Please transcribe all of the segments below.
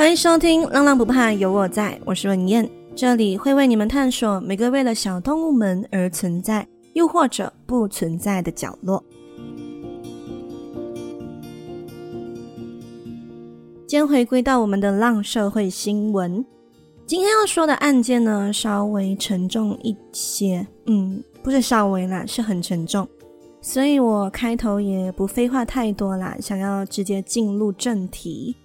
歡迎收聽《浪浪不怕有我在》，我是文燕，這裡會為你們探索每個為了小動物們而存在，又或者不存在的角落。今天回歸到我們的浪社會新聞，今天要說的案件呢，稍微沉重一些。嗯，不是稍微啦，是很沉重，所以我開頭也不廢話太多啦，想要直接進入正題。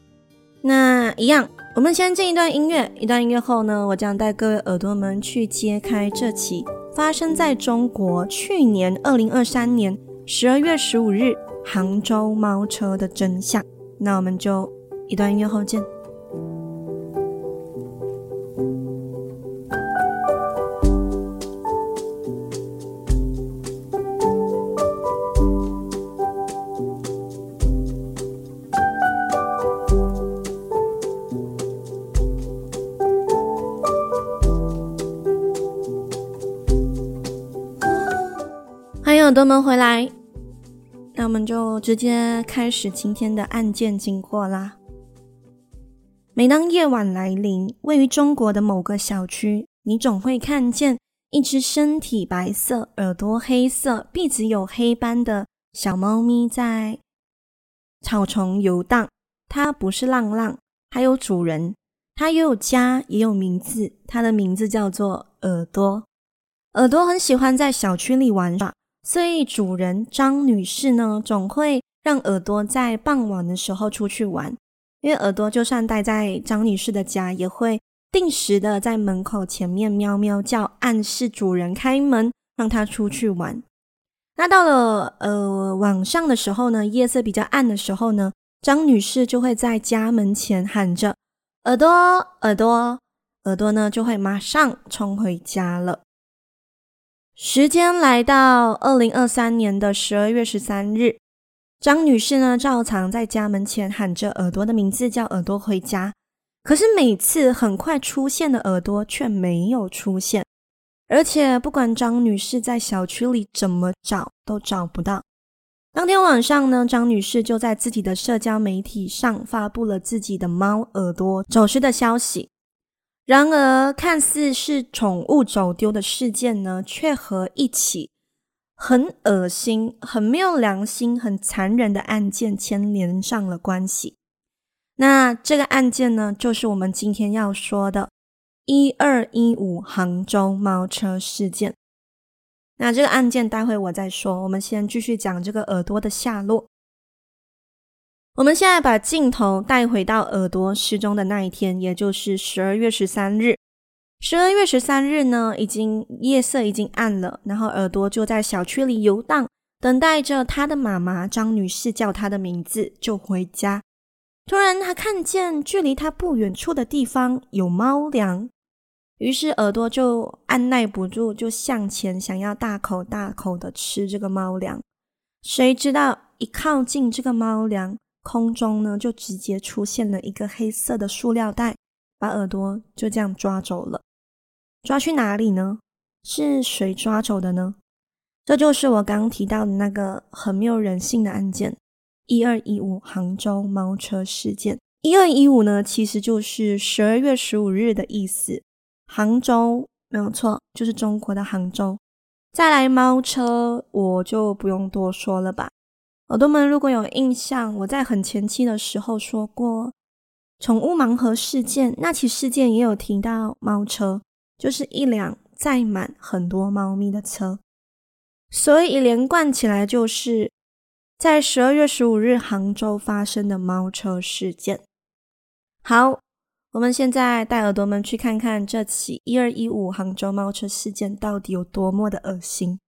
那一樣，我們先進一段音樂，一段音樂後呢，我將帶各位耳朵們去揭開這起發生在中國去年二零二三年十二月十五日杭州貓車的真相。那我們就一段音樂後見。朋友們回來，那我們就直接開始今天的案件經過啦。每當夜晚來臨，位於中國的某個小區，你總會看見一隻身體白色、耳朵黑色、鼻子有黑斑的小貓咪在草叢遊蕩。它不是浪浪，它有主人，它也有家，也有名字。它的名字叫做耳朵。耳朵很喜歡在小區裡玩耍。所以主人張女士呢，總會讓耳朵在傍晚的時候出去玩，因為耳朵就算待在張女士的家，也會定時的在門口前面喵喵叫，暗示主人開門，讓他出去玩。那到了呃晚上的時候呢，夜色比較暗的時候呢，張女士就會在家門前喊着“耳朵，耳朵，耳朵呢”，呢就會馬上衝回家了。時間來到二零二三年的十二月十三日，張女士呢照常在家門前喊着耳朵的名字，叫耳朵回家，可是每次很快出現的耳朵卻沒有出現，而且不管張女士在小區裡怎麼找都找不到。當天晚上呢，張女士就在自己的社交媒體上發布了自己的貓耳朵走失的消息。然而，看似是寵物走丟的事件呢，卻和一起很惡心、很沒有良心、很殘忍的案件牽連上了關係。那這個案件呢，就是我們今天要說的“一二一五杭州貓車事件”。那這個案件，待會我再說。我們先繼續講這個耳朵的下落。我們現在把鏡頭帶回到耳朵失蹤的那一天，也就是十二月十三日。十二月十三日呢，已經夜色已經暗了，然後耳朵就在小區裡遊蕩，等待着他的媽媽張女士叫他的名字就回家。突然，他看見距離他不遠處的地方有貓糧，於是耳朵就按捺不住，就向前想要大口大口的吃這個貓糧。誰知道一靠近這個貓糧，空中呢，就直接出現了一個黑色的塑料袋，把耳朵就這樣抓走了。抓去哪裡呢？是誰抓走的呢？這就是我剛剛提到的那個很沒有人性的案件——一二一五杭州貓車事件。一二一五呢，其實就是十二月十五日的意思。杭州，沒有錯，就是中國的杭州。再來貓車，我就不用多說了吧。耳朵們，如果有印象，我在很前期的時候說過，寵物盲盒事件，那起事件也有提到貓車，就是一輛載滿很多貓咪的車，所以一連貫起來就是在十二月十五日杭州發生的貓車事件。好，我們現在帶耳朵們去看看這起一二一五杭州貓車事件到底有多麼的噁心。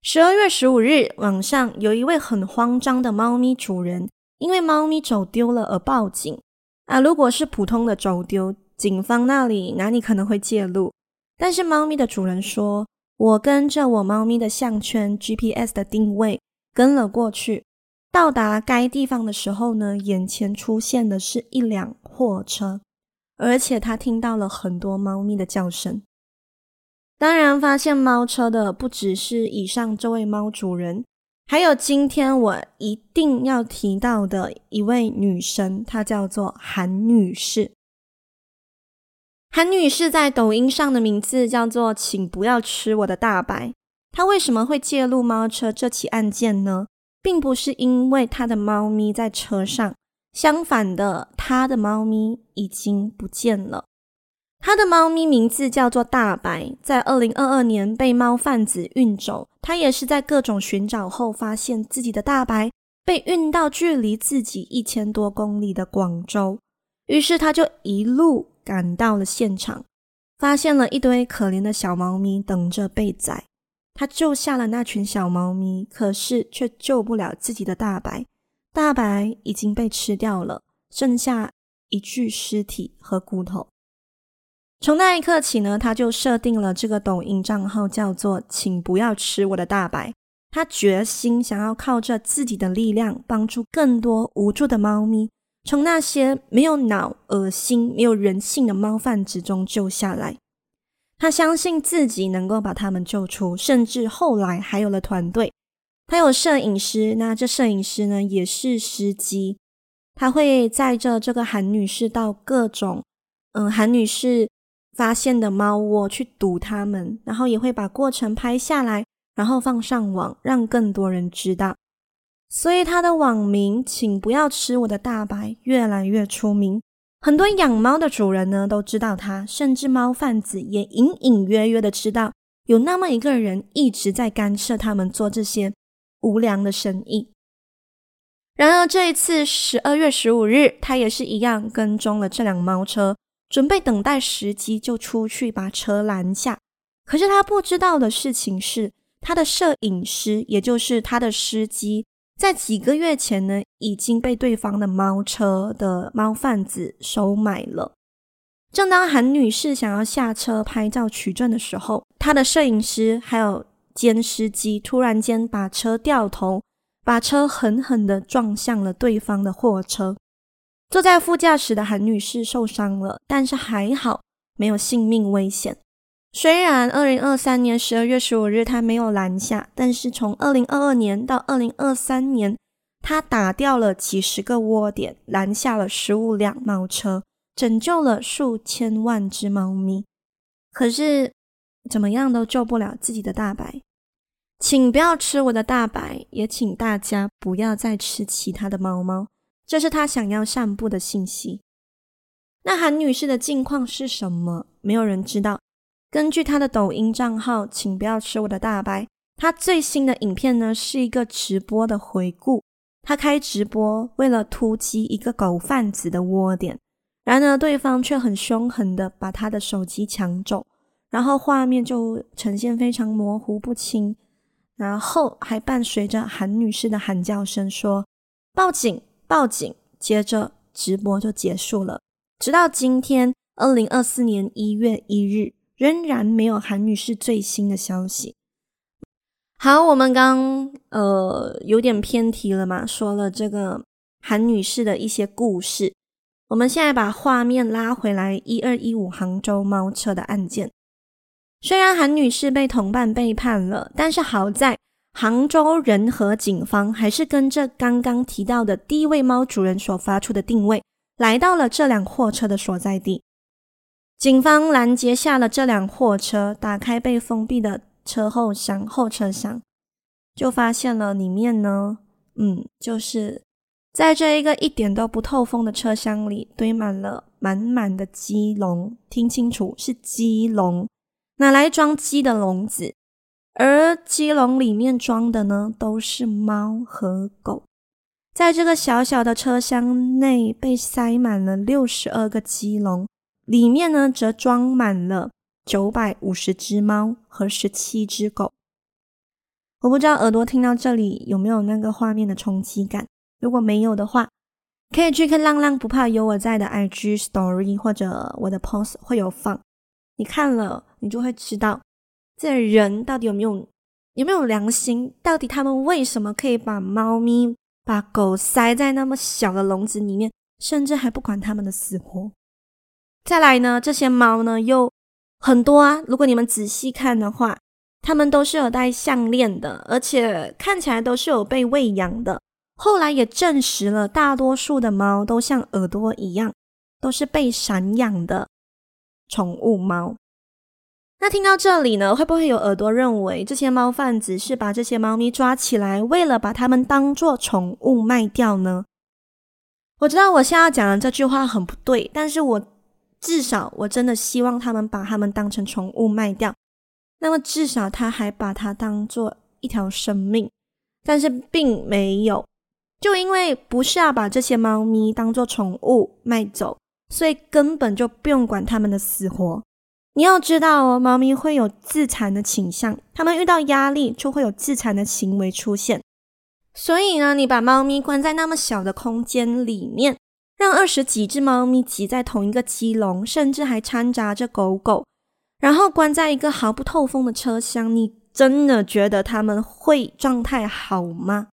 十二月十五日晚上，有一位很慌張的貓咪主人，因為貓咪走丟了而報警。啊，如果是普通的走丟，警方那裡哪裡可能會介入？但是貓咪的主人說，我跟着我貓咪的項圈 GPS 的定位跟了過去。到達該地方的時候呢，眼前出現的是一輛貨車，而且他聽到了很多貓咪的叫聲。當然，發現貓車的不只是以上這位貓主人，還有今天我一定要提到的一位女神，她叫做韓女士。韓女士在抖音上的名字叫做“請不要吃我的大白”。她為什麼會介入貓車這起案件呢？並不是因為她的貓咪在車上，相反的，她的貓咪已經不見了。他的貓咪名字叫做大白，在二零二二年被貓販子運走。他也是在各種尋找後，發現自己的大白被運到距離自己一千多公里的廣州。於是他就一路趕到了現場，發現了一堆可憐的小貓咪等着被宰。他救下了那群小貓咪，可是卻救不了自己的大白。大白已經被吃掉了，剩下一具屍體和骨頭。從那一刻起呢，他就設定了這個抖音賬號，叫做“請不要吃我的大白”。他決心想要靠着自己的力量，幫助更多無助的貓咪，從那些沒有腦、噁心、沒有人性的貓販子中救下來。他相信自己能夠把他們救出，甚至後來還有了團隊。他有攝影師，那這攝影師呢也是司機，他會載着這個韓女士到各種……嗯、呃，韓女士。發現的貓窩去堵他們，然後也會把過程拍下來，然後放上網，讓更多人知道。所以他的網名，請不要吃我的大白，越來越出名。很多養貓的主人呢都知道他，甚至貓販子也隱隱約約的知道，有那麼一個人一直在干涉他們做這些無良的生意。然而這一次，十二月十五日，他也是一樣跟蹤了這輛貓車。準備等待時機，就出去把車攔下。可是他不知道的事情是，他的攝影師，也就是他的司機，在幾個月前呢，已經被對方的貓車的貓販子收買了。正當韓女士想要下車拍照取證的時候，他的攝影師還有兼司機突然間把車掉頭，把車狠狠地撞向了對方的貨車。坐在副駕駛的韓女士受傷了，但是還好沒有性命危險。雖然2023年12月15日她沒有攔下，但是從2022年到2023年，她打掉了幾十個窩點，攔下了十五輛貓車，拯救了數千萬隻貓咪。可是怎麼樣都救不了自己的大白，請不要吃我的大白，也請大家不要再吃其他的貓貓。這是他想要散布的信息。那韓女士的近況是什麼？沒有人知道。根據她的抖音賬號，請不要吃我的大白。她最新的影片呢，是一個直播的回顧。她開直播為了突擊一個狗販子的窩點，然而對方卻很兇狠的把她的手機搶走，然後畫面就呈現非常模糊不清，然後還伴隨着韓女士的喊叫聲說：“報警！”報警，接着直播就結束了。直到今天，二零二四年一月一日，仍然沒有韓女士最新的消息。好，我們剛呃有點偏題了嘛，說了這個韓女士的一些故事。我們現在把畫面拉回來，一二一五杭州貓車的案件。雖然韓女士被同伴背叛了，但是好在。杭州仁和警方還是跟着剛剛提到的第一位貓主人所發出的定位，來到了這輛貨車的所在地。警方攔截下了這輛貨車，打開被封閉的車後廂，後車廂，就發現了裡面呢，嗯，就是在這一個一點都不透風的車廂裡，堆滿了滿滿的雞籠。聽清楚，是雞籠，拿來裝雞的籠子。而雞籠裡面裝的呢，都是貓和狗。在這個小小的車廂內，被塞滿了六十二個雞籠，裡面呢則裝滿了九百五十隻貓和十七只狗。我不知道耳朵聽到這裡有沒有那個畫面的衝擊感。如果沒有的話，可以去看浪浪不怕有我在的 IG story 或者我的 post 會有放。你看了，你就會知道。這人到底有沒有，有沒有良心？到底他們為什麼可以把貓咪、把狗塞在那麼小的籠子裡面，甚至還不管他們的死活？再來呢，這些貓呢又很多啊。如果你們仔細看的話，它們都是有戴項鏈的，而且看起來都是有被餵養的。後來也證實了，大多數的貓都像耳朵一樣，都是被散養的寵物貓。那聽到這裡呢，會不會有耳朵認為這些貓販子是把這些貓咪抓起來，為了把它們當做寵物賣掉呢？我知道我現在要講的這句話很不對，但是我至少我真的希望他們把它們當成寵物賣掉。那麼至少他還把它當做一條生命，但是並沒有，就因為不是要把這些貓咪當做寵物賣走，所以根本就不用管他們的死活。你要知道哦，貓咪會有自殘的傾向，它們遇到壓力就會有自殘的行為出現。所以呢，你把貓咪關在那麼小的空間裡面，讓二十幾隻貓咪擠在同一個雞籠，甚至還摻雜着狗狗，然後關在一個毫不透風的車廂，你真的覺得他們會狀態好嗎？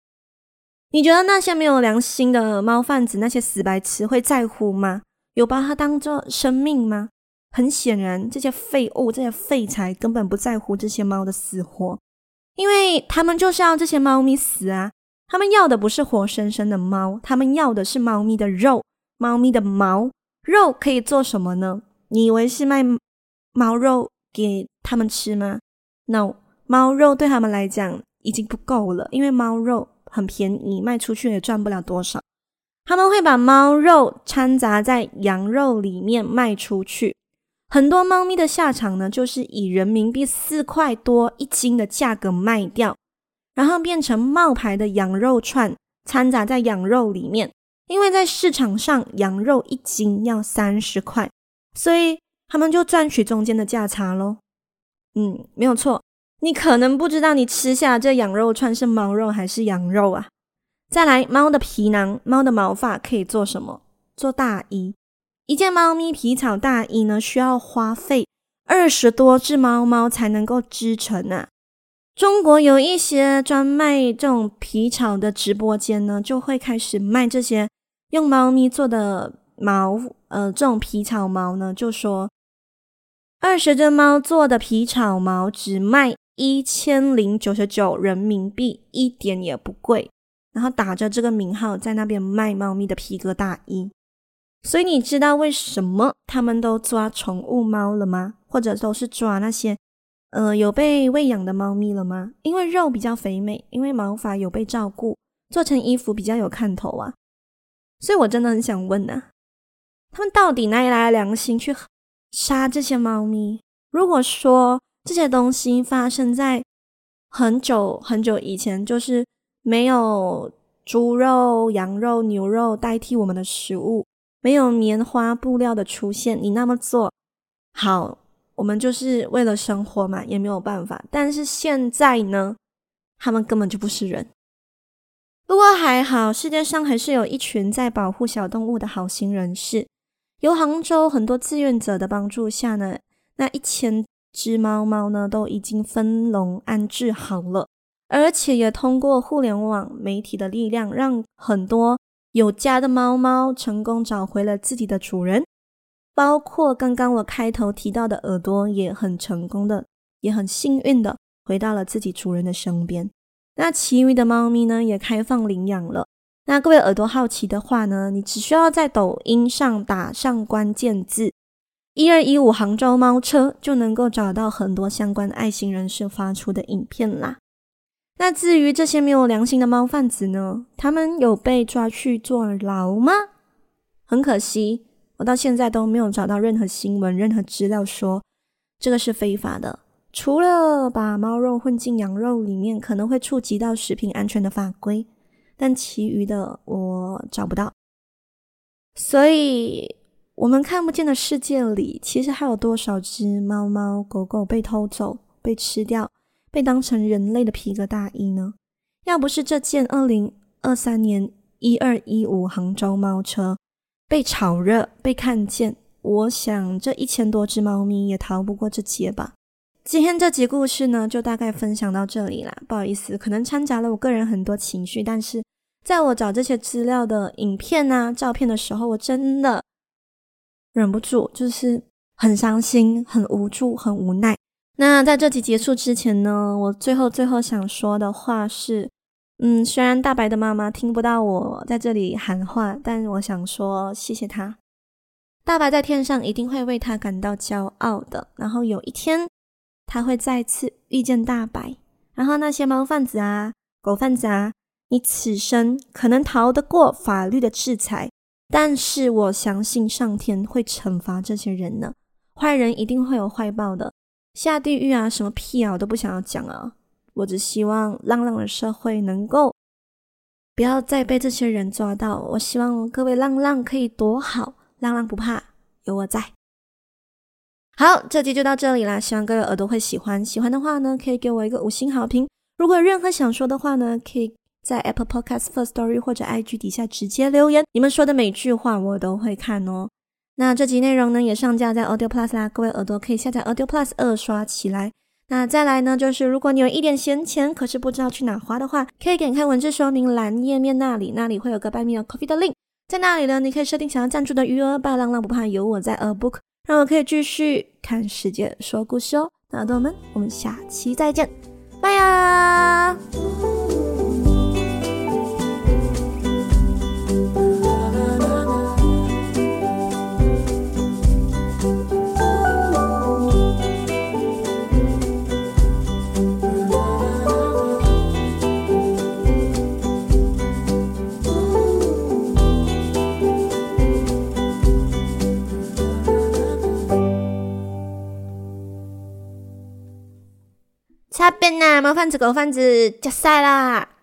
你覺得那些沒有良心的貓販子，那些死白痴會在乎嗎？有把它當做生命嗎？很顯然，這些廢物、這些廢材根本不在乎這些貓的死活，因為他們就是要這些貓咪死啊！他們要的不是活生生的貓，他們要的是貓咪的肉、貓咪的毛。肉可以做什麼呢？你以為是賣貓肉給他們吃嗎？No，貓肉對他們來講已經不夠了，因為貓肉很便宜，賣出去也賺不了多少。他們會把貓肉摻雜在羊肉裡面賣出去。很多貓咪的下場呢，就是以人民幣四塊多一斤的價格賣掉，然後變成冒牌的羊肉串，摻雜在羊肉裡面。因為在市場上，羊肉一斤要三十塊，所以他們就賺取中間的價差嘍。嗯，沒有錯。你可能不知道，你吃下這羊肉串是貓肉還是羊肉啊？再來，貓的皮囊、貓的毛髮可以做什麼？做大衣。一件貓咪皮草大衣呢，需要花費二十多隻貓貓才能夠織成啊。中國有一些專賣這種皮草的直播間呢，就會開始賣這些用貓咪做的毛，呃，這種皮草毛呢，就說二十隻貓做的皮草毛只賣一千零九十九人民幣，一點也不貴。然後打着這個名號在那邊賣貓咪的皮革大衣。所以你知道為什麼他們都抓寵物貓了嗎？或者都是抓那些，呃，有被餵養的貓咪了嗎？因為肉比較肥美，因為毛髮有被照顧，做成衣服比較有看頭啊。所以我真的很想問啊，他們到底哪裡來的良心去殺這些貓咪？如果說這些東西發生在很久很久以前，就是沒有豬肉、羊肉、牛肉代替我們的食物。沒有棉花布料的出現，你那麼做好，我們就是為了生活嘛，也沒有辦法。但是現在呢，他們根本就不是人。不過還好，世界上還是有一群在保護小動物的好心人士。由杭州很多志願者的幫助下呢，那一千只貓貓呢都已經分籠安置好了，而且也通過互聯網媒體的力量，讓很多。有家的貓貓成功找回了自己的主人，包括剛剛我開頭提到的耳朵也很成功的，也很幸運的回到了自己主人的身邊。那其餘的貓咪呢，也開放領養了。那各位耳朵好奇的話呢，你只需要在抖音上打上關鍵字“一二一五杭州貓車”，就能夠找到很多相關的愛心人士發出的影片啦。那至於這些沒有良心的貓販子呢？他們有被抓去坐牢嗎？很可惜，我到現在都沒有找到任何新聞、任何資料說這個是非法的。除了把貓肉混進羊肉裡面，可能會觸及到食品安全的法規，但其餘的我找不到。所以，我們看不見的世界裡，其實還有多少隻貓貓、狗狗被偷走、被吃掉？被當成人類的皮革大衣呢？要不是這件二零二三年一二一五杭州貓車被炒熱、被看見，我想這一千多隻貓咪也逃不過這劫吧。今天這集故事呢，就大概分享到這裡啦。不好意思，可能摻雜了我個人很多情緒，但是在我找這些資料的影片啊、照片的時候，我真的忍不住，就是很傷心、很無助、很無奈。那在這集結束之前呢，我最後最後想說的話是，嗯，雖然大白的媽媽聽不到我在這裡喊話，但我想說謝謝他。大白在天上一定會為他感到驕傲的。然後有一天，他會再次遇見大白。然後那些貓販子啊、狗販子啊，你此生可能逃得過法律的制裁，但是我相信上天會懲罰這些人呢。壞人一定會有壞報的。下地獄啊，什麼屁啊，我都不想要講啊！我只希望浪浪的社會能夠不要再被這些人抓到。我希望各位浪浪可以躲好，浪浪不怕，有我在。好，這集就到這裡啦，希望各位耳朵會喜歡。喜歡的話呢，可以給我一個五星好評。如果有任何想說的話呢，可以在 Apple Podcasts、Firstory 或者 IG 底下直接留言，你們說的每句話我都會看哦。那這集內容呢，也上架在 Audio Plus 啦，各位耳朵可以下載 Audio Plus 二刷起來。那再來呢，就是如果你有一點閒錢，可是不知道去哪花的話，可以點開文字說明欄頁面那裡，那裡會有個 Buy Me a Coffee 的 link，在那裡呢，你可以設定想要贊助的余額吧。霸浪浪不怕有我在，A Book 讓我可以繼續看世界說故事哦。那耳朵們，我們下期再見，拜呀、啊！販子狗販子加賽啦！